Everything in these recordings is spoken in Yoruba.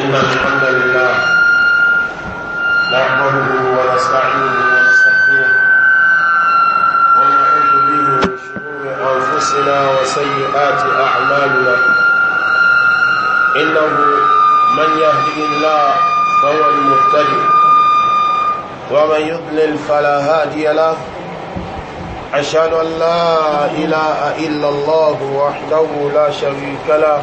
إن الحمد لله نحمده ونستعينه ونستغفره ونعوذ به من شرور أنفسنا وسيئات أعمالنا إنه من يهده الله فهو المهتدي ومن يضلل فلا هادي له أشهد أن لا إله إلا الله وحده لا شريك له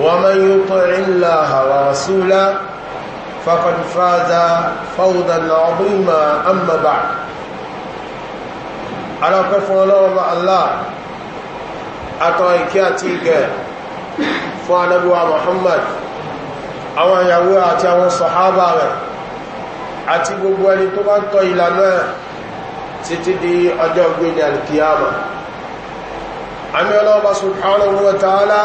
ومن يطع الله ورسوله فقد فاز فوزا عظيما اما بعد على كف الله الله اتوكياتي كه فنبي محمد àwọn ìyàwó àti àwọn sọ̀hábà rẹ̀ àti gbogbo ẹni tó bá ń tọ́ ìlànà títí di ọjọ́ ọgbẹ̀ni alìkìyàmà. àmì ọlọ́ọ̀bá sùn káàlọ̀ wọ́n tààlá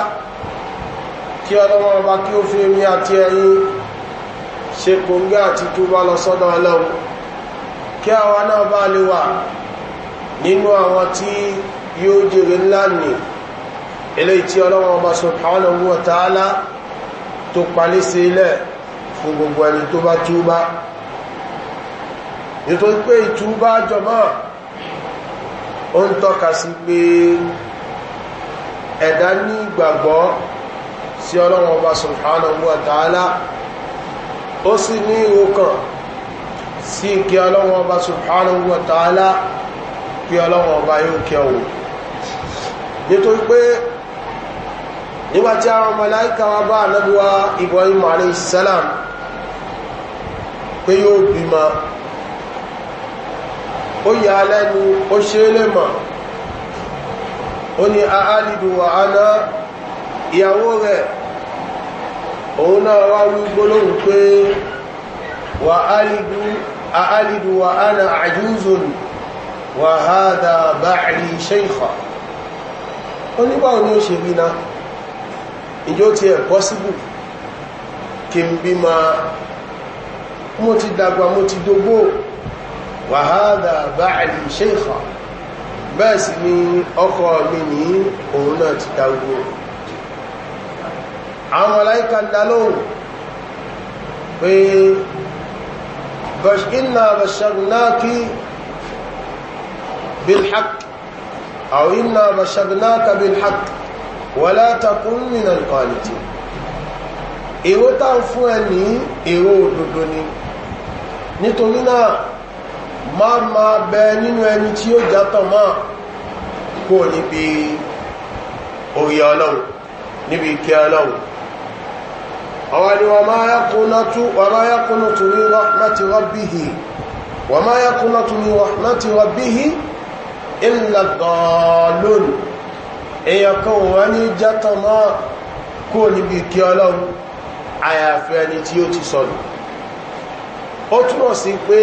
kí ọlọ́wọ́ ọba kí ó fi èmi àti ẹ̀yìn ṣe kòǹgẹ́ àti túbá lọ sọ́dọ̀ ọlọ́run kí àwa náà bá lè wà nínú àwọn tí yóò jèrè ńlá nì eléyìí tí ọlọ́wọ́ ọba sọ̀tàwọn owó tààlá tó palẹ́sẹ ilẹ̀ fún gbogbo ẹni tó bá túbá nítorí pé ìtúbá jọmọ́ ó ń tọ́ka sí pé ẹ̀dá ní ìgbàgbọ́ sí ọlọ́run ọba subhanahu wa ta'ala ó sì ní ìwòkàn sí kí ọlọ́run ọba subhanahu wa ta'ala pí ọlọ́run ọba yóò kẹ́ ò nítorí pé nígbàtí àwọn mọ̀láíkà wá bá ànábíwá ibrahim aleyhisselam pé yóò bímọ ó yà á lẹ́nu ó ṣe é lè mọ̀ ó ní àálìdùwà anáà ìyàwó rẹ̀ òun náà wá wí gbólóhùn pé wà áàlìdú àálìdú wà ánà àjúzùn wà hádà báàrí ṣeìkà ó nígbà òní ó ṣe rí náà ìjó ti ẹ̀ pọ́síbù kí n bí ma mo ti dàgbà mo ti dogbó wà hádà báàrí ṣeìkà bẹ́ẹ̀ sì ni ọkọ̀ mi ní òun náà ti dàgbò àwọn mọ̀láíkà dalóhùn pé iná bàṣàgnáàkì bilhaq àwọn iná bàṣàgnáàkà bilhaq wọlá takún nínà kọ̀ọ̀lìtì èrò táà fún ẹ ní èrò òdòdó ni nítorí náà ma ma bẹ nínú ẹni tí ó játọ̀ máa kó níbi orí ọlọ́run níbi ìkẹ́ ọlọ́run àwọn ni wọ́n máa yákúnná tó ní láti rọ́bíhì wọ́n máa yákúnná tó ní láti rọ́bíhì ilẹ̀ dọ̀ọ̀lọ́n èyàn kan wọ́n ní jẹ́tọ̀ máa kó níbi kí ọlọ́run àyàfẹ́ ẹni tí ó ti sọ̀rọ̀ ó túnmọ̀ sí pé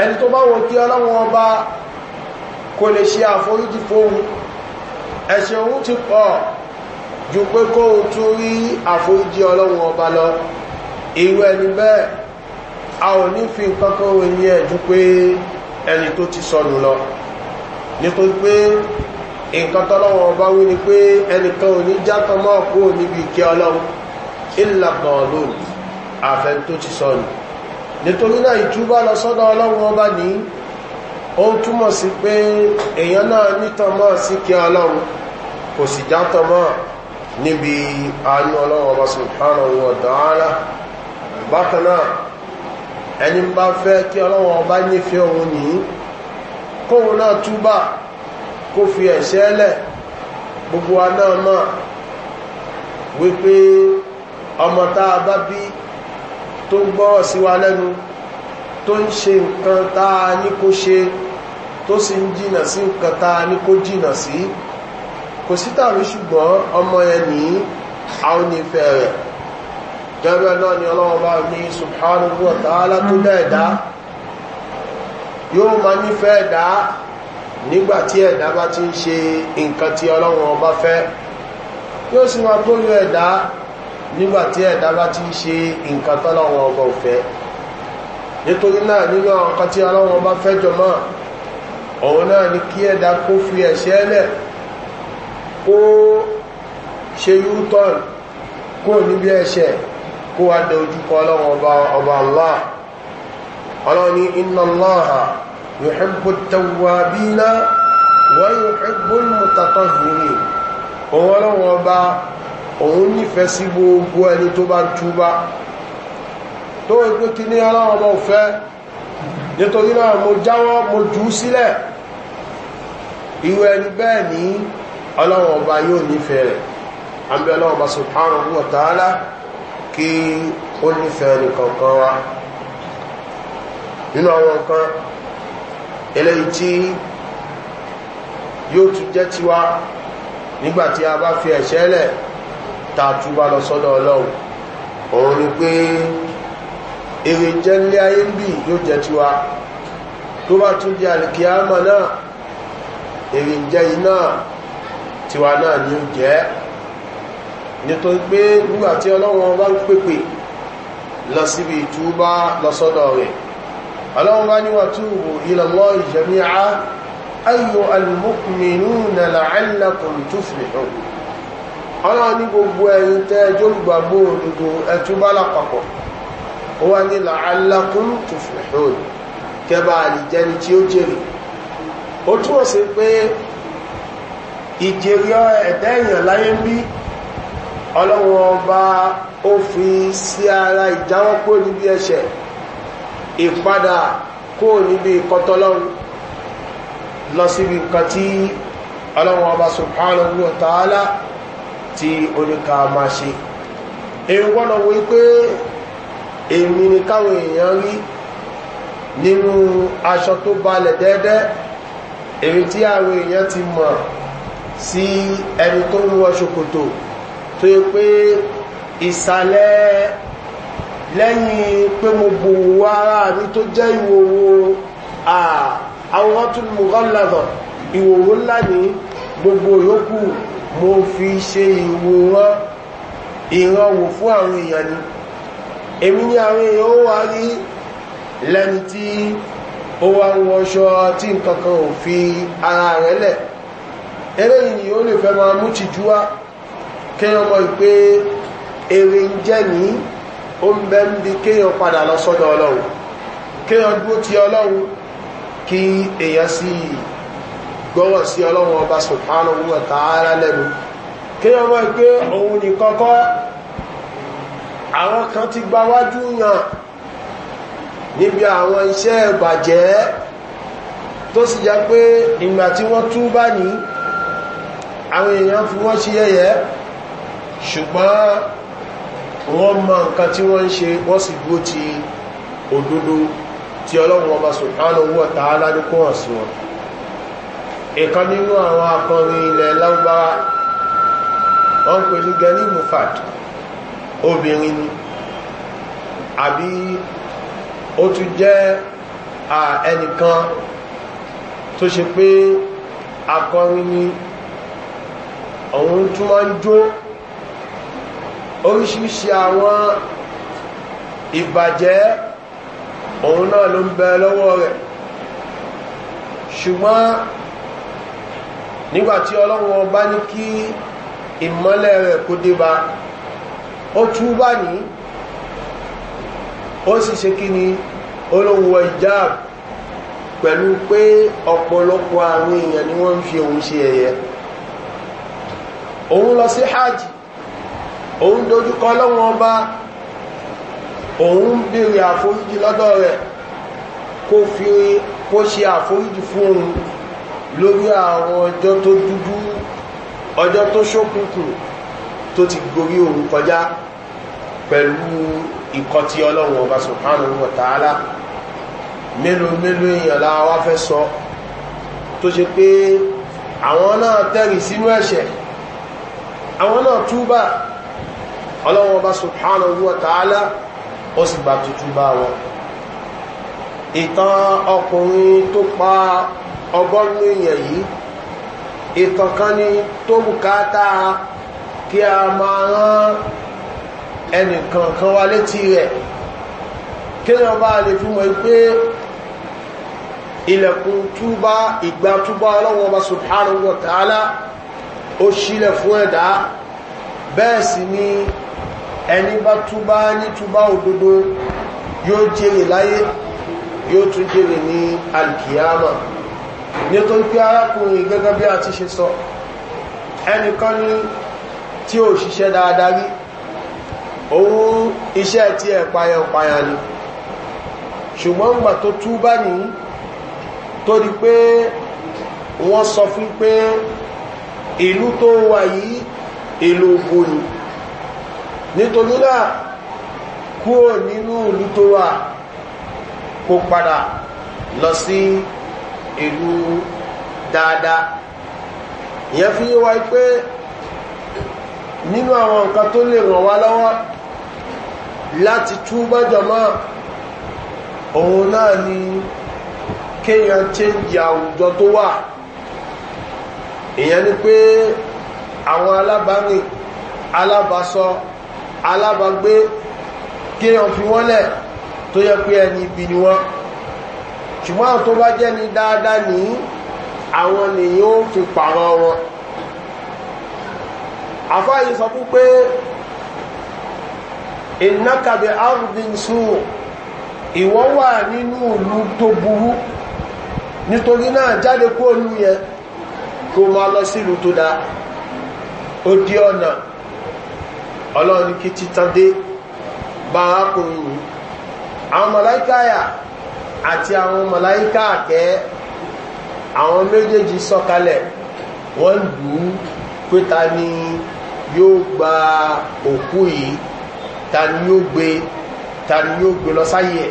ẹni tó bá wọ́n kí ọlọ́run ọba kò lè ṣe àforíjì fóhun ẹ̀ṣẹ̀ òun ti pọ̀ ju pé kó o tún rí àforíjì ọlọ́run ọba lọ irú ẹni bẹ́ẹ̀ a ò ní fi nǹkan kan ròyìn pé ẹni tó ti sọnù lọ nítorí pé nǹkan tọ́lọ́wọ́ ọba wí ni pé ẹnìkan ò ní jákan mọ́ kú níbi ìkẹ́ ọlọ́run ìlànà lónìí àfẹ́ tó ti sọnù nítorí náà ìtúbà lọ sọ́dọ̀ ọlọ́run ọba ní ó túmọ̀ sí pé èèyàn náà nítàn mọ́ sí kí ọlọ́run kò sì játàn mọ́ níbi àánú ọlọ́wọ́ ọba subhanahu wa ta'ala bákanáà ẹni bá fẹ́ kí ọlọ́wọ́ ọba nífẹ́ òun ní kóhun náà túbà kó fi ẹ̀ṣẹ́ lẹ̀ gbogbo anáà náà wípé ọmọ táa bá bí tó gbọ́ síwa lẹ́nu tó ń ṣe nǹkan táa ní kó ṣe tó sì ń jìnà sí nǹkan táa ní kó jìnà sí si kò sí tàbí ṣùgbọ́n ọmọ yẹn ní àwọn onífẹ́ rẹ̀ gẹ́gẹ́ náà ni ọlọ́run ní subhanahu wa ta'ala tó dẹ́ẹ̀dá yóò ma nífẹ́ ẹ̀dá nígbàtí ẹ̀dá bá ti ń ṣe nǹkan tí ọlọ́run ọba fẹ́ yóò sì máa kóyọ ẹ̀dá nígbàtí ẹ̀dá bá ti ń ṣe nǹkan òun náà ni kí ẹ̀dá kó fi ẹ̀ṣẹ́ lẹ̀ kó ṣe yútọ́n kó níbi ẹ̀ṣẹ̀ kó wá dẹ ojúkọ ọlọ́run ọba ọba allah ọlọ́run ní iná láàá yóò hẹ́bù tẹwà bí iná wọ́n yóò hẹ́bù mọ́tàtọ́ fìrí tó bá ń ní ọlọ́run ọba òfẹ́ nítorí náà mo jáwọ́ mo jù ú sílẹ̀ ìwẹ̀ ẹni bẹ́ẹ̀ ní ọlọ́wọ̀n ọba yóò nífẹ̀ẹ́ rẹ̀ àbí ọlọ́wọ̀n ọba subhanahu wa ta'ala kí ó nífẹ̀ẹ́ nìkankan wa nínú àwọn nǹkan eléyìí tí yóò tún jẹ́ tiwa nígbàtí a bá fi ẹ̀ṣẹ́ lẹ̀ tààtúbà lọ sọ́dọ̀ ọlọ́run òun ni pé èrè jẹ́ ayé ń bì yóò jẹ́ tiwa tó bá tún jẹ́ àlìkíyàmà náà èrè jẹ́ iná tiwa náà ni ó jẹ́ nítorí pé nígbàtí ọlọ́run bá ń pèpè lọ síbi ìtúbá lọ́sọ́dọ̀ rẹ̀ ọlọ́run bá níwà túbù ìlọ̀mọ́ ìjẹ̀mí a ayyọ alìmọ́kùnmínú na la'allakùn túfìlìhùn ọlọ́run ní gbogbo ẹ̀yìn ìjẹ̀rí ẹ̀dá èèyàn láyé ń bí ọlọ́run ọba ó fi sí ara ìjáwọ́ kó níbi ẹ̀ṣẹ̀ ìpadà kó níbi ìkọtọlọ́run lọ síbi nǹkan tí ọlọ́run ọba subhanahu wa ta'ala tí oníkà máa ṣe èyí wọ́nà èmi ni káwọn èèyàn rí nínú aṣọ tó balẹ̀ dẹ́ẹ́dẹ́ èyí tí àwọn èèyàn ti mọ̀ sí ẹni tó ń wọ ṣòkòtò tó yẹ pé ìsàlẹ̀ lẹ́yìn pé mo bò wọ ara mi tó jẹ́ ìwòwò àwọn tún mú gọ́lọ́dọ̀ ìwòwò ńlá ní gbogbo yòókù mo fi ṣe ìwòrán ìrànwò fún àwọn èèyàn ni èmi ní àwọn èèyàn ó wá rí lẹ́ni tí ó wá ń wọṣọ tí nkankan ò fi ara rẹ̀ lẹ̀ eléyìn ni ó lè fẹ́ máa mú tìjú wá kéèyàn mọ̀ pé èrè ń jẹ́ ní ó ń bẹ́ ń bi kéèyàn padà lọ sọ́dọ̀ ọlọ́run kéèyàn dúró ti ọlọ́run kí èèyàn sì gbọ́rọ̀ sí ọlọ́run ọba sùpánù wọ̀ tààrà lẹ́nu kéèyàn mọ̀ pé òun ní kọ́kọ́ àwọn kan ti gba wájú yàn níbi àwọn iṣẹ́ ìbàjẹ́ tó sì jẹ́ pé ìgbà tí wọ́n tú bá ní àwọn èèyàn fi wọ́n sí yẹ́yẹ́ ṣùgbọ́n wọ́n ma nǹkan tí wọ́n ń ṣe wọ́n sì gbó ti òdúdó tí ọlọ́run ọba sùpánù owó ọ̀tá aládúkún ọ̀sìn wọn ìkan nínú àwọn akọrin ilẹ̀ lágbára wọ́n pè ní gẹ̀ẹ́lì mufad obìnrin ni àbí ó tún jẹ́ ẹnìkan tó ṣe pé akọrin ni àwọn tó máa ń jó oríṣiríṣi àwọn ìbàjẹ́ òun náà ló ń bẹ lọ́wọ́ rẹ̀ ṣùgbọ́n nígbàtí ọlọ́run bá ní kí ìmọ́lẹ̀ rẹ̀ kó débá ó túbá ní ó sì ṣe kí ni olówó ìjáàb pẹ̀lú pé ọ̀pọ̀lọpọ̀ àwọn èèyàn ni wọ́n ń fi òun ṣe ẹ̀yẹ́ òun lọ sí hajj òun dojúkọ lọ́wọ́n ọba òun bèèrè àforíjì lọ́dọ̀ rẹ̀ kó fi kó ṣe àforíjì fún òun lórí àwọn ọjọ́ tó dúdú ọjọ́ tó ṣókùnkùn tó ti gorí òun kọjá pẹ̀lú ikọ̀ tí ọlọ́run ọba sùpánù wọ̀tàálá mélòó mélòó èèyàn láwa fẹ́ sọ tó ṣe pé àwọn náà tẹ́rì sínú ẹ̀ṣẹ̀ àwọn náà túbà ọlọ́wọ́n bá subhanahu wa ta'ala ó sì gbà tútù bá wọn ìtàn ọkùnrin tó pa ọgọ́rùn èèyàn yìí ìtàn kan ni tó bùkátà kí a máa rán ẹnìkan kan wá létí rẹ̀ kéèyàn bá lè fi mọ̀ pé ilẹ̀kùn túbá ìgbà túbá ọlọ́wọ́n bá subhanahu wa ta'ala ó ṣílẹ̀ fún ẹ̀dá bẹ́ẹ̀ sì ni ẹni bá túbá ní túbá òdodo yóò jèrè láyé yóò tún jèrè ní alkiyama nítorí pé arákùnrin gẹ́gẹ́ bí a ti ṣe sọ ẹnìkan ní tí ó ṣiṣẹ́ dáadáa rí òun iṣẹ́ tí ẹ̀ payan payan ni ṣùgbọ́n gbà tó túbá ní torí pé wọ́n sọ fún pé ìlú tó wà yìí èlò ògbòrò nítorí náà kúrò nínú ìlú tó wà kó padà lọ sí ìlú dáadáa ìyẹn fi yíwa pé nínú àwọn nǹkan tó lè ràn wá lọ́wọ́ láti túbọ̀ jọmọ́ òun náà ni kéèyàn change àwùjọ tó wà ìyẹn ni pé àwọn alábárin alábasọ alábagbé kí wọ́n fi wọ́n lẹ̀ tó yẹ pé ẹni ibi ni wọ́n ṣùgbọ́n àwọn tó bá jẹ́ ni dáadáa ní àwọn nìyí ó fi pààrọ̀ wọn àfáàyí sọ fún pé ìnákàbẹ̀ arúgbìnsù ìwọ́n wà nínú ìlú tó burú nítorí náà jáde kó olú yẹn kó máa lọ sí ìlú tó dá ó dí ọ̀nà ọlọ́run kí títan dé bá arákùnrin yìí àwọn mọ̀láíkà yà àti àwọn mọ̀láíkà àkẹ́ àwọn méjèèjì sọ̀kalẹ̀ wọ́n lù ú pé ta ni yóò gba òkú yìí ta ni yóò gbé ta ni yóò gbé lọ sáyé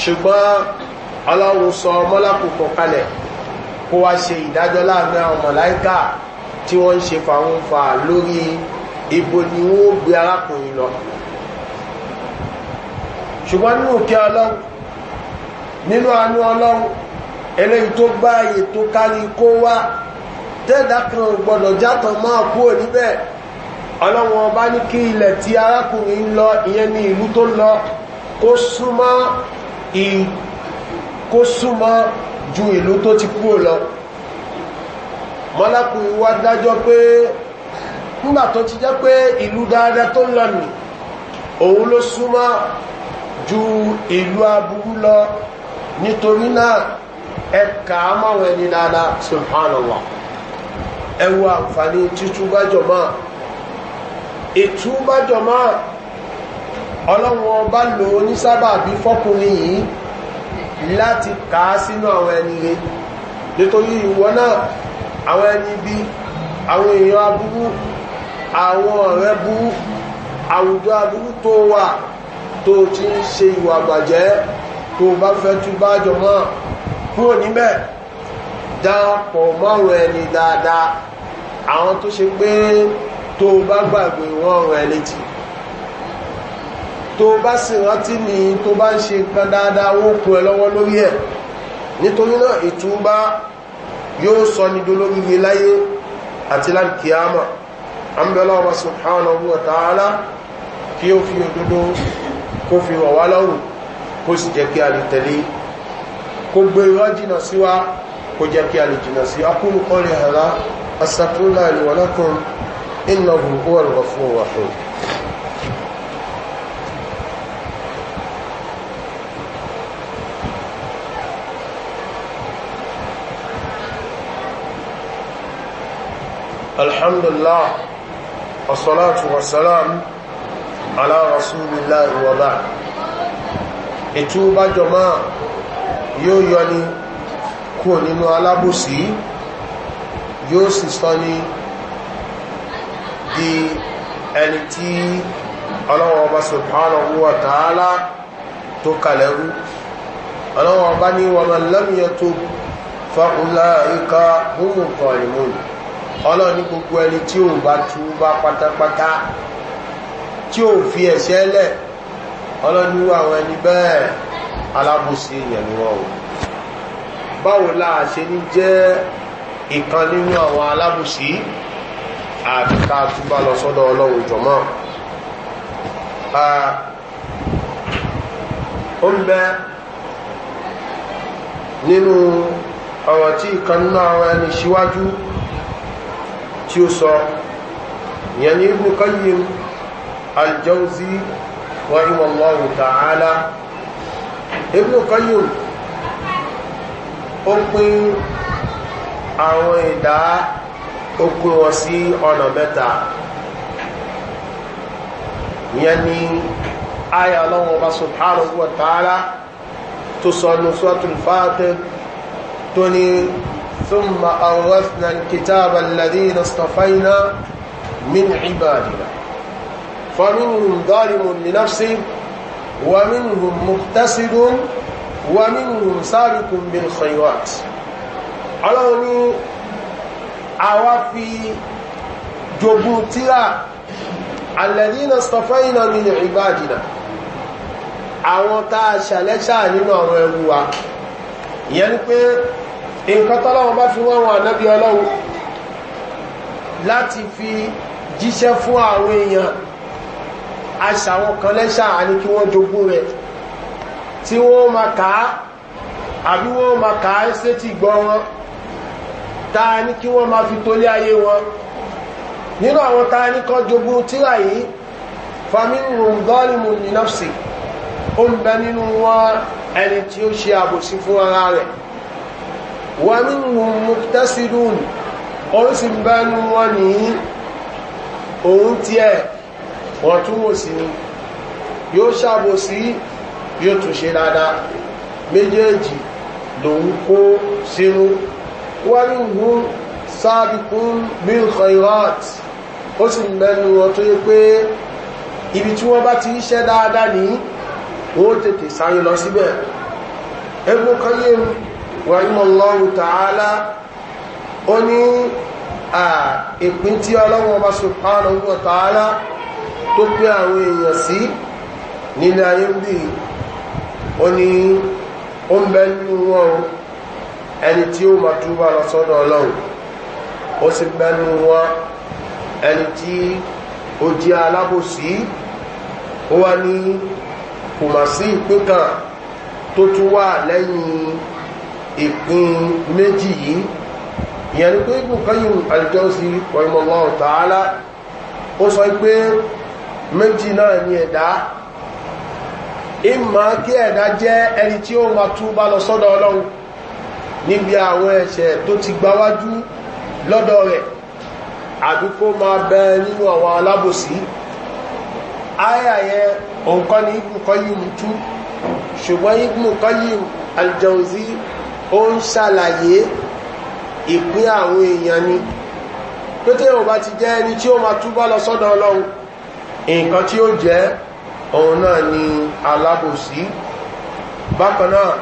ṣùgbọ́n ọlọ́run sọ mọ́lákùn kó wá ṣe ìdájọ́ láàrin àwọn mọ̀láíkà tí wọ́n ń ṣe fàwọn fà lórí ibo ni wọ́n gbé arákùnrin lọ ṣùgbọ́n nínú kí ọlọ́run nínú anú ọlọ́run eléyìí tó gbá ààyè tó kárí kó wá tẹ́ẹ̀dá kan gbọ́dọ̀ játàn máa kúrò níbẹ̀ ọlọ́run ọba ní kí ilẹ̀ tí arákùnrin ń lọ ìyẹn ní ìlú tó lọ kó súnmọ́ ju ìlú tó ti kúrò lọ mọ́lápù wá dájọ́ pé nígbà tó ti jẹ́ pé ìlú dáadáa tó ń òun ló súnmọ́ ju ìlú aburú lọ nítorí náà ẹka máwọn ẹni dáadáa subhanallah ẹwọ àǹfààní títúbájọmọ́ ìtúbájọmọ́ ọlọ́run ọba lò ó ní sábàbí fọ́kùnrin yìí láti kàá sínú àwọn ẹni rẹ̀ nítorí ìwọ náà àwọn ẹni bí àwọn èèyàn abúrú àwọn ọ̀rẹ́ burú àwùjọ abúrú tó wà tó ti ń ṣe ìwà àgbàjẹ́ tó bá fẹ́ tú bá jọmọ́ kúrò níbẹ̀ dápọ̀ mọ́rọ̀ ẹni dáadáa àwọn tó ṣe pé tó bá gbàgbé wọ́n rẹ̀ létí tó bá sì rántí ní tó bá ń ṣe kan dáadáa ó kún ẹ lọ́wọ́ lórí ẹ̀ nítorí náà ìtúbá yóò sọ ní dolóríire láyé àti láìkìyàmà àmbẹ́lá ọba subhanahu wa ta'ala kí ó fi òdodo kó fi wà wá lọ́rùn kó sì jẹ́ kí a lè tẹ̀lé kó gbé irọ́ jìnà sí wá kó jẹ́ kí a lè jìnà sí akúrùkọ́ rẹ̀ hàrá asàtúrà ìlúwọ̀lọ́kùn innahu huwa al-ghafur rahim alhamdulillah assalatu wassalam ala rasulillah ìwọ̀bá ètò bá jọmá yóò yọ ni kúrò nínú alábòsí yóò sì sọ ni di ẹni tí ọlọ́wọ́ ọba subhanahu wa ta'ala tó kalẹ̀rú ọlọ́wọ́ ọba ní wọ́n lọ́mìyàn tó fa'ula ika húnmù kọ̀ọ̀lìmọ́nù ọlọ́run ní gbogbo ẹni tí ò bá tú bá pátápátá tí ò fi ẹ̀ṣẹ́ lẹ̀ ọlọ́run wà àwọn ẹni bẹ́ẹ̀ alábòsí èèyàn ni wọ́n o báwo láà ṣe ní jẹ́ ìkan nínú àwọn alábòsí àti ká túbá lọ sọ́dọ̀ ọlọ́run jọ̀mọ́ ó ń bẹ nínú ọ̀rọ̀ tí ìkan nínú àwọn ẹni síwájú tí ó sọ ìyẹn ní ibùn kọ́yìn aljọ́zí wọ́nyíwọ̀lọ́rùn tààlá ibùn kọ́yìn ó pín àwọn ìdá okun wọn sí ọ̀nà mẹ́ta ìyẹn ní ayà ọlọ́wọ́ bá subhanahu wa ta'ala tó sọ ní sọ́tún fàátẹ́ tó ní ثم أورثنا الكتاب الذين اصطفينا من عبادنا فمنهم ظالم لنفسه ومنهم مقتصد ومنهم سابق بالخيرات ọlọ́run ní àwa fi jogun tíra alẹ́dínà stọfẹ́yìnà nínú ìgbàjìnà àwọn tá a ṣàlẹ́ṣà nínú àwọn ẹrù wa ìyẹn ni pé nǹkan tọ́lọ́wọ́n bá fi wọ́n wọn ànábí ọlọ́wọ́ láti fi jíṣẹ́ fún àwọn èèyàn aṣàwọn kan lẹ́ṣà àní kí wọ́n jogún rẹ̀ tí wọ́n ma kàá àbí wọ́n ma kàá sétí gbọ́ wọn táa ní kí wọ́n ma fi tólé ayé wọn nínú àwọn táa ní kan jogún tíra yìí famínú dọ́límù ní ó ń bẹ nínú wọn ẹni tí ó ṣe àbòsí fún ara rẹ̀ wà minhum muqtasidun òun sì ń bá nú wọn ní òun tí ẹ̀ wọ́n túnmò sí ni yóò ṣàbò sí yóò tún ṣe dáadáa méjèèjì lòun kó sínú wà minhum sáàbìkún bil khairat ó sì ń bẹnu wọn tó yẹ pé ibi tí wọ́n bá ti ń ṣẹ́ dáadáa ní wọ́n tètè sáré lọ síbẹ̀ ẹgbẹ́ kan yé mi rahimallahu ta'ala ó ní ìpín tí ọlọ́wọ́ bá subhanahu wa ta'ala tó pé àwọn èèyàn sí nílé ayé ń bí ó ní ó ń bẹ nínú wọn ẹni tí ó ma túbà lọ sọ́dọ̀ ọlọ́run ó sì bẹ wọn ẹni tí ó jẹ́ alábòsí ó wá ní kò mà sí ìpín kan tó tún wà lẹ́yìn ìpín méjì yìí ìyẹn ni pé ibùn kọ́yìn alìjọ́sí ọ̀rọ̀mọ̀lọ́ tààlá ó sọ pé méjì náà ni ẹ̀dá ìmọ̀ kí ẹ̀dá jẹ́ ẹni tí ó ma tú bá lọ sọ́dọ̀ ọlọ́run níbi àwọn ẹ̀ṣẹ̀ tó ti gbáwájú lọ́dọ̀ rẹ̀ àdúkó ma bẹ nínú àwọn alábòsí ayàyẹ òǹkọ́ ni ibùn kọ́yìn tú ṣùgbọ́n ibùn kọ́yìn alìjọ́sí ó ń ṣàlàyé ìpín àwọn èèyàn ni pété òun bá ti jẹ́ ẹni tí ó máa túbá lọ sọ́dọ̀ ọlọ́run nǹkan tí ó jẹ́ òun náà ni alábòsí bákanáà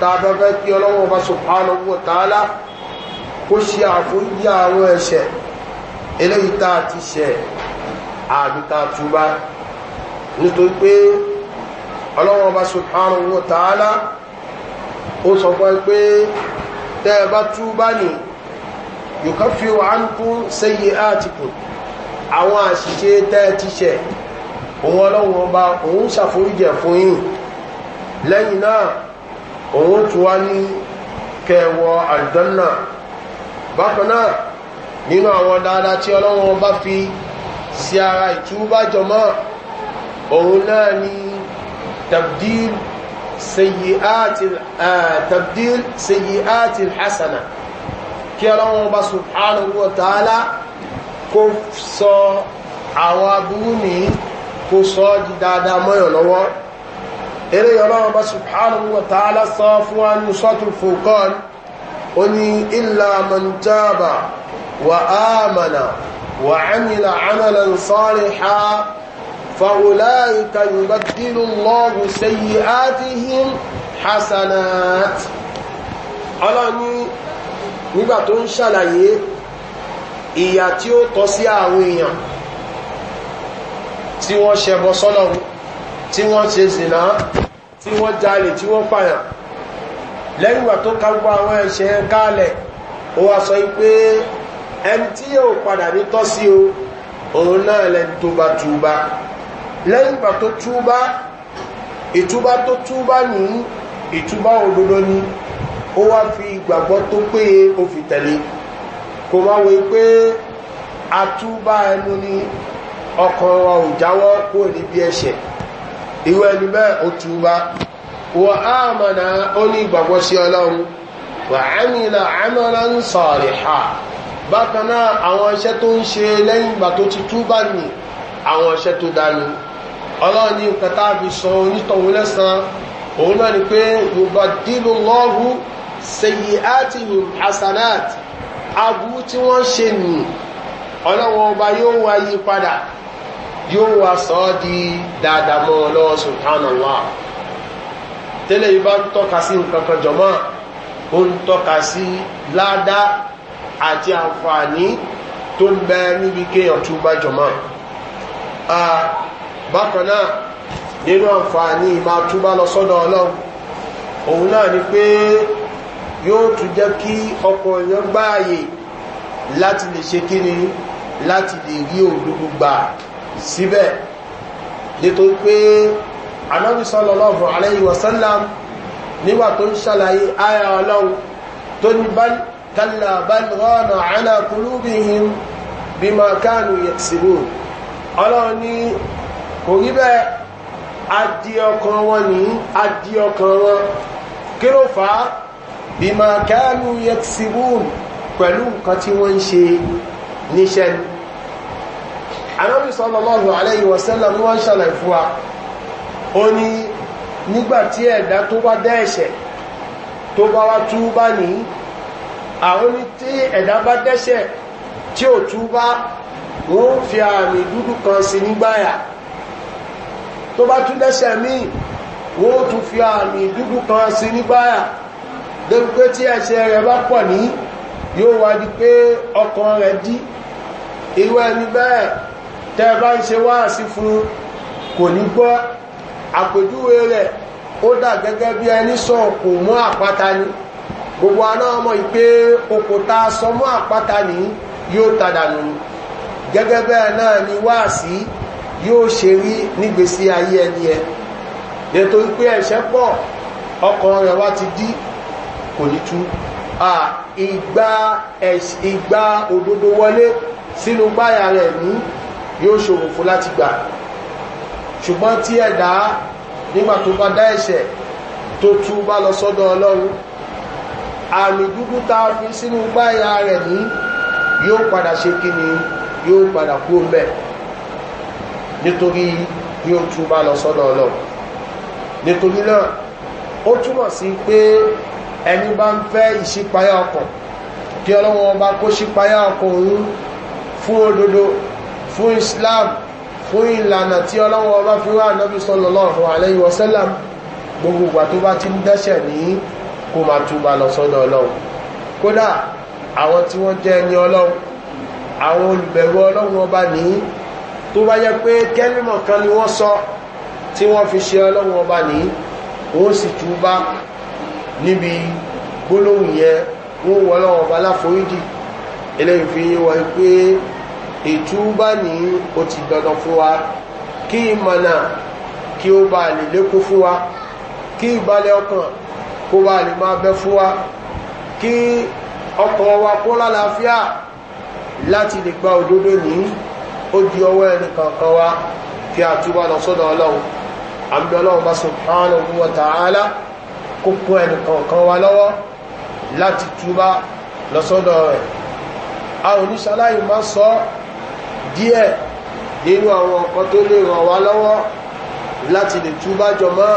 tàbẹ́fẹ́ kí ọlọ́wọ́ bá sọpánà owó tààlá kó ṣe àfúnjí àwọn ẹ̀ṣẹ̀ eléyìí tàà ti ṣẹ̀ àbíta túbá nítorí pé ọlọ́wọ́ bá sọpánà owó tààlá ó sọ fún ẹ pé tẹ́ ẹ bá tú bá ní yòókà fi wà á ń kún sẹ́yìn áàtìkù àwọn àṣìṣe tẹ́ ẹ ti ṣẹ̀ òun ọlọ́run ọba òun ṣàforíjẹ̀ fún yìí lẹ́yìn náà òun tún wá ní kẹwọ àdánà bákanáà nínú àwọn dáadáa tí ọlọ́run ọba fi sí ara ìtúbájọmọ́ òun náà ni tabdil sayyi'ati tabdil sayyi'ati hasana kí ọlọ́run bá subhanahu wa ta'ala kó sọ àwọn aburú ní kó sọ di dáadáa mọ́yàn lọ́wọ́ eré ọlọ́run bá subhanahu wa ta'ala sọ fún wa sọ́tún fòkán ó ní illa man taba wa amana wa amila amalan فأولئك يُبَدِّلُ اللَّهُ سيئاتهم حَسَنَاتٍ ọlọ́ni nígbà tó ń ṣàlàyé ìyà tí ó tọ́ sí àwọn èèyàn tí wọ́n ṣẹbọ sọ́lọ́run tí wọ́n ṣe zìnà tí wọ́n jalè tí wọ́n pààyàn lẹ́yìn tó ká àwọn ẹ̀ṣẹ̀ kálẹ̀ ó wá sọ pé ẹni tí yóò padà ní tọ́ sí o òun náà lẹ́ni tó bá túbá lẹ́yìn ìgbà tó túbá ìtúbá tó túbá ní ìtúbá òdodo ni ó wá fi ìgbàgbọ́ tó péye ó fi tẹ̀lé kò wá wo pé atúbá ẹnu ni ọkàn wa ò jáwọ́ kó níbi ẹ̀ṣẹ̀ ìwé ẹni bẹ́ẹ̀ ó túbá wọ ámàna ó ní ìgbàgbọ́ sí ọlọ́run wà ámìlà ámàlà ń sọ̀rì ha bákan náà àwọn iṣẹ́ tó ń ṣe lẹ́yìn ìgbà tó ti túbá ní àwọn iṣẹ́ tó dání ọlọ́run ní nǹkan tá a fi san onítọ̀hún lẹ́sàn òun náà ni pé yorùbá dínú lọ́hù sèyí àti hasanat aburú tí wọ́n ṣe nù ọlọ́run ọba yóò wá yí padà yóò wá sọ ọ́ di dáadáa mọ́ ọlọ́wọ́ sultana tẹ́lẹ̀ yìí bá ń tọ́ka sí nǹkan kan jọ̀mọ́ ó ń tọ́ka sí ládá àti àǹfààní tó ń bẹ níbi kéèyàn tún jọ̀mọ́ ah, bákan náà nínú àǹfààní ìmá túbá lọ sọ́dọ̀ ọlọ́run òun náà ni pé yóò tún jẹ́ kí ọkọ̀ èèyàn gbáàyè láti lè ṣe kíni láti lè rí òdúgbò gbà síbẹ̀ nítorí pé anábìsọ́lọ́lọ́fù aláyí wasallam nígbà tó ń ṣàlàyé ayà ọlọ́run tó ní kálà bálgọ́nà alákùlúbìhìn bí ma káàlù yẹ̀ síbò ọlọ́run ní kò rí bẹ́ẹ̀ adi ọkàn wọn ní adi ọkàn wọn kí ló fà á bí ma kẹ́ẹ̀lú yẹksibun pẹ̀lú nǹkan tí wọ́n ń ṣe níṣẹ́ ni anábì sọlọ́lọ́rùn aláyí wọ̀sẹ́lẹ̀ ní wọ́n ṣàlẹ̀ fún wa ó ní nígbàtí ẹ̀dá tó bá dẹ́ tó bá wá túbá ní àwọn ní tí ẹ̀dá bá dẹ́ṣẹ̀ tí ò túbá wọ́n fi àmì dúdú kan sí nígbàyà tó bá tún dẹ́sẹ̀ míì wọ́n ó tún fi àmì dúdú kan sí nígbáyà débi pé tí ẹ̀ṣẹ̀ rẹ̀ bá pọ̀ ní yóò wá di pé ọkàn rẹ̀ dí irú ẹni bẹ́ẹ̀ tẹ́ bá ń ṣe wáàsí fún kò ní gbọ́ àpèjúwe rẹ̀ ó dà gẹ́gẹ́ bí ẹni sọ̀kò mọ́ àpáta ni gbogbo aná ọmọ ìpé òkòta sọmọ́ àpáta ni yóò tàdànù gẹ́gẹ́ bẹ́ẹ̀ náà ni wáàsí yóò ṣe rí nígbésí ayé ẹni ẹ nítorí pé ẹ̀ṣẹ̀ pọ̀ ọkọ̀ rẹ̀ wá ti dí kò ní tú ìgbà òdodo wọlé sínú gbáyà rẹ̀ ní yóò ṣòro fún láti gbà ṣùgbọ́n tí ẹ̀dá nígbà tó bá dá ẹ̀ṣẹ̀ tó tú bá lọ sọ́dọ̀ ọlọ́run àmì dúdú tá fi sínú gbáyà rẹ̀ ní yóò padà ṣe kí ni yóò padà kú mẹ́ẹ̀ nítorí bí ó tún bá lọ sọ́dọ̀ ọlọ́run nítorí náà ó túmọ̀ sí pé ẹni bá ń fẹ́ ìṣípayá ọkọ̀ kí ọlọ́wọ́n bá kó ṣípayá ọkọ̀ òun fún òdodo fún islam fún ìlànà tí ọlọ́wọ́n bá fi wá nábi sọ́lọ́lọ́rùn aláyí wọ́sẹ́lám gbogbo ìgbà tó bá ti ń dẹ́ṣẹ̀ ní kó máa túbà lọ sọ́dọ̀ ọlọ́run kódà àwọn tí wọ́n jẹ́ ẹni ọlọ́run àwọn olùbẹ̀rù ọlọ́run ọba nìí tó bá yẹ pé kẹ́mímọ̀ kan ni wọ́n sọ tí wọ́n fi ṣe ọlọ́run ọba ní wọ́n sì tú bá níbi gbólóhùn yẹn wọ́n wọ́n ọlọ́run ọba láforíjì eléyìí fi wọ́n pé ìtúbá ní o ti dandan fún wa kí ìmọ̀nà kí ó bá lè lékún fún wa kí ìbalẹ̀ ọkàn kó bá lè máa bẹ fún wa kí ọkàn wa kó lálàáfíà láti lè gba òdodo nìyí ó di ọwọ́ ẹni kankan wá fi àtúbà lọ sọ́dọ̀ ọlọ́run àmì ọlọ́run bá subhanahu wa ta'ala kó kún ẹni kankan wá lọ́wọ́ láti túbá lọ sọ́dọ̀ rẹ̀ a ò ní ṣaláyìn má sọ díẹ̀ nínú àwọn ọkọ̀ tó lè ràn wá lọ́wọ́ láti lè túbá jọmọ́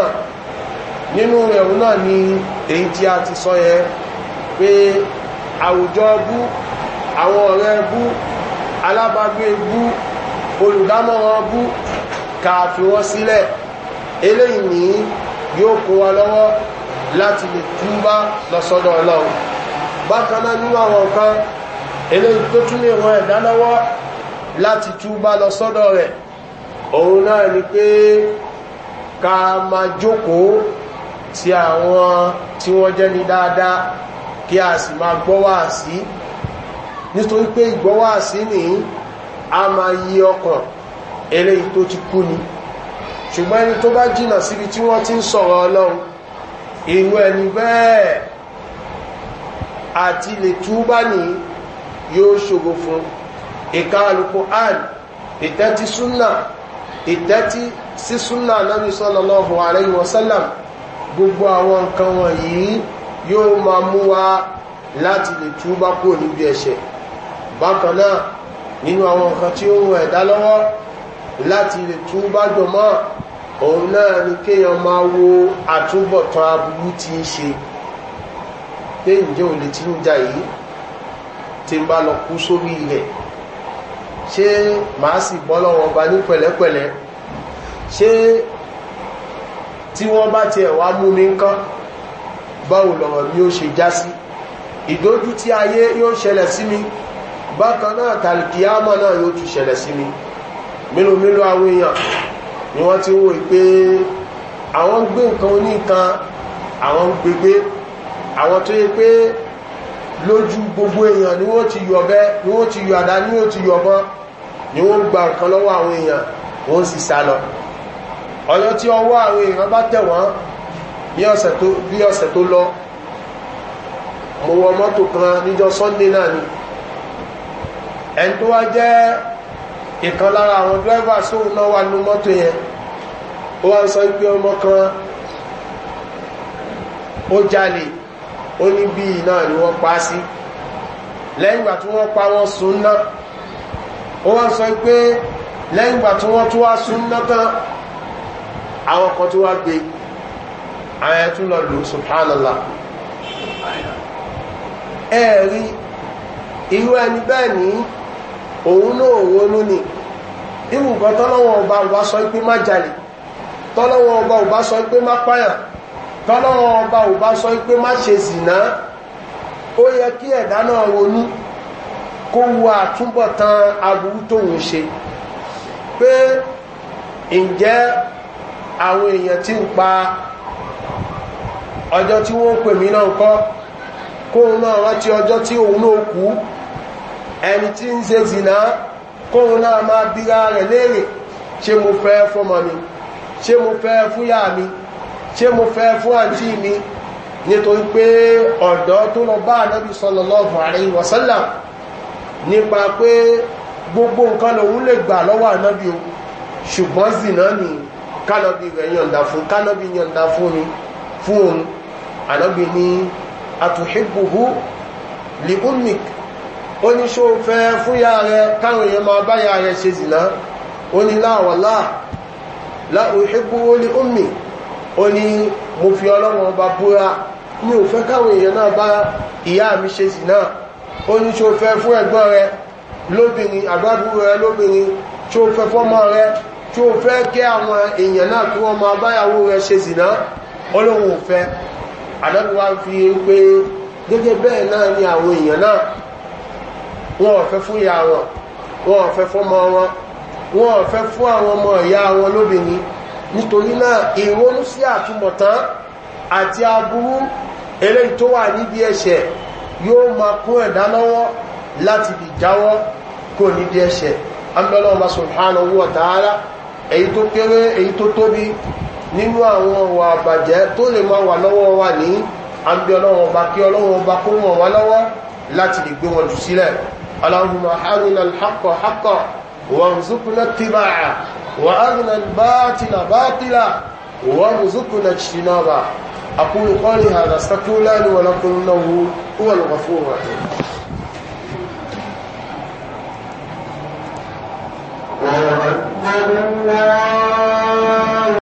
nínú ẹ̀rùn náà ni èyí tí a ti sọ yẹn pé àwùjọ bú àwọn ọ̀rẹ́ bú alábàgbé bú olùdámọ̀ràn bú kààfin wọn sílẹ̀ eléyìí ní yóò kó wa lọ́wọ́ láti lè túbá lọ́sọ́dọ̀ ọlọ́run bákanáà nínú àwọn nǹkan eléyìí tó tún lè wọn ẹ̀dá lọ́wọ́ láti túbá lọ́sọ́dọ̀ rẹ̀ òun náà ni pé ká máa jókòó ti àwọn tí wọ́n jẹ́ ní dáadáa kí a sì máa gbọ́wà sí i nítorí pé ìgbọ́wà sí ní a máa yí ọkàn eléyìí tó ti kú ni ṣùgbọ́n ẹni tó bá jìnà síbi tí wọ́n ti ń sọ̀rọ̀ ọlọ́run irú ẹni bẹ́ẹ̀ àti lè túbá ní yóò ṣògo fún ìka alùpù àn ìtẹ́tí súnà ìtẹ́tí sí súnà lọ́bí sọ́lọ́lọ́hùn ààrẹ ìwọ̀sálàm gbogbo àwọn nǹkan wọ̀nyí yóò máa mú láti lè túbá kúrò níbi ẹ̀ṣẹ̀ bákan náà nínú àwọn nǹkan tí ó rùn ẹ̀dá lọ́wọ́ láti lè tún bá jọmọ́ òun náà ni kéèyàn máa wo àtúbọ̀tán aburú ti ń ṣe pé ǹjẹ́ ò lè ti ń jà yìí tí ń bá lọ kú sórí ilẹ̀ ṣé màá sì bọ́lọ́wọ́ ọba ní pẹ̀lẹ́pẹ̀lẹ́ ṣé tí wọ́n bá ti ẹ̀wà mú mi ń báwo lọ̀rọ̀ mi ó ṣe já sí ìdójú ayé yóò ṣẹlẹ̀ sí mi bákan náà tàlìkìyàmọ̀ náà yóò tún ṣẹlẹ̀ sí mi mélòó mélòó àwọn èèyàn ni wọ́n ti wó pé àwọn gbé nǹkan oníkan àwọn gbégbé àwọn tó yẹ pé lójú gbogbo èèyàn ni wọ́n ti yọ ọbẹ́ ni wọ́n ti yọ àdá ni wọ́n ti yọ ọbọ́n ni wọ́n gba nǹkan lọ́wọ́ àwọn èèyàn wọ́n sì sá lọ ọ̀yọ́ tí ọwọ́ àwọn èèyàn bá tẹ̀ wọ́n bí ọ̀sẹ̀ tó lọ mo wọ mọ́tò kan níjọ sunday náà ni ẹni tó wá jẹ́ ìkan lára àwọn dírẹ́fà sóhun náà wà nínú mọ́tò yẹn ó wá ń sọ pé ọmọ kan ó jalè ó ní bíi náà ni wọ́n pa á sí lẹ́yìn ìgbà tí wọ́n pa wọ́n sùn náà ó wá ń sọ pé lẹ́yìn ìgbà tí wọ́n tún wá sùn náà tán àwọn kan tó wá gbé àwọn ẹ̀tún lọ lò subhanallah ẹ̀rí irú ẹni bẹ́ẹ̀ ní òun náà ronú ni kan tọ́lọ́wọ́n ọba ọba sọ pé má jalè tọ́lọ́wọ́n ọba ọba sọ pé má pààyàn tọ́lọ́wọ́n ọba ọba sọ pé má ṣe zìnà ó yẹ kí ẹ̀dá náà ronú kó wu àtúbọ̀tán aburú tóun ṣe pé ǹjẹ́ àwọn èèyàn tí ń pa ọjọ́ tí wọ́n pè mí náà kọ́ kóun náà rántí ọjọ́ ẹni tí ń ṣe zìnà kóhun náà máa bíra rẹ̀ léèrè ṣe mo fẹ́ fọmọ mi ṣe mo fẹ́ fúyà mi ṣe mo fẹ́ fún àǹtí mi nítorí pé ọ̀dọ́ tó lọ bá ànábì nípa pé gbogbo nǹkan lòun lè gbà lọ́wọ́ ànábì o ṣùgbọ́n ni kánàbí rẹ̀ yọ̀ǹda fún kánàbí yọ̀ǹda fún ni fún òun ànábì ni ó ní ṣó fẹ́ fúnyà rẹ káwọn èèyàn máa báyà rẹ ṣe zìnà ó ní láwọ̀lá láòhìpú ó ní omi ó ní mo fi ọlọ́wọ́ ọba búra mi ò fẹ́ káwọn èèyàn náà bá ìyá mi ṣe zìnà ó ní ṣó fẹ́ fún ẹ̀gbọ́n rẹ lóbìnrin àgbàdúrú rẹ lóbìnrin tí fẹ́ fọ́mọ rẹ tí fẹ́ kẹ́ àwọn èèyàn náà kí wọ́n máa báyàwó rẹ ṣe zìnà ọlọ́run ò fẹ́ fi pé gẹ́gẹ́ bẹ́ẹ̀ náà ni àwọn èèyàn náà wọn ò fẹ́ fún ìyá wọn wọn ò fẹ́ fọ́mọ wọn wọn ò fẹ́ fún àwọn ọmọ ìyá wọn lóbìnrin nítorí náà ìrónú sí àtúmọ̀tán àti aburú eléyìí tó wà níbi ẹ̀ṣẹ̀ yóò máa kún ẹ̀dá lọ́wọ́ láti bì jáwọ́ kò níbi ẹ̀ṣẹ̀ ambẹ́lọ́mà wa ta'ala èyí tó kéré èyí tó tóbi nínú àwọn láti lè gbé wọn jù sílẹ̀ اللهم أرنا الحق حقا وارزقنا اتباعه وأرنا الباطل باطلا وارزقنا اجتنابه أقول قولي هذا استغفر الله ولكم إنه هو الغفور الرحيم الله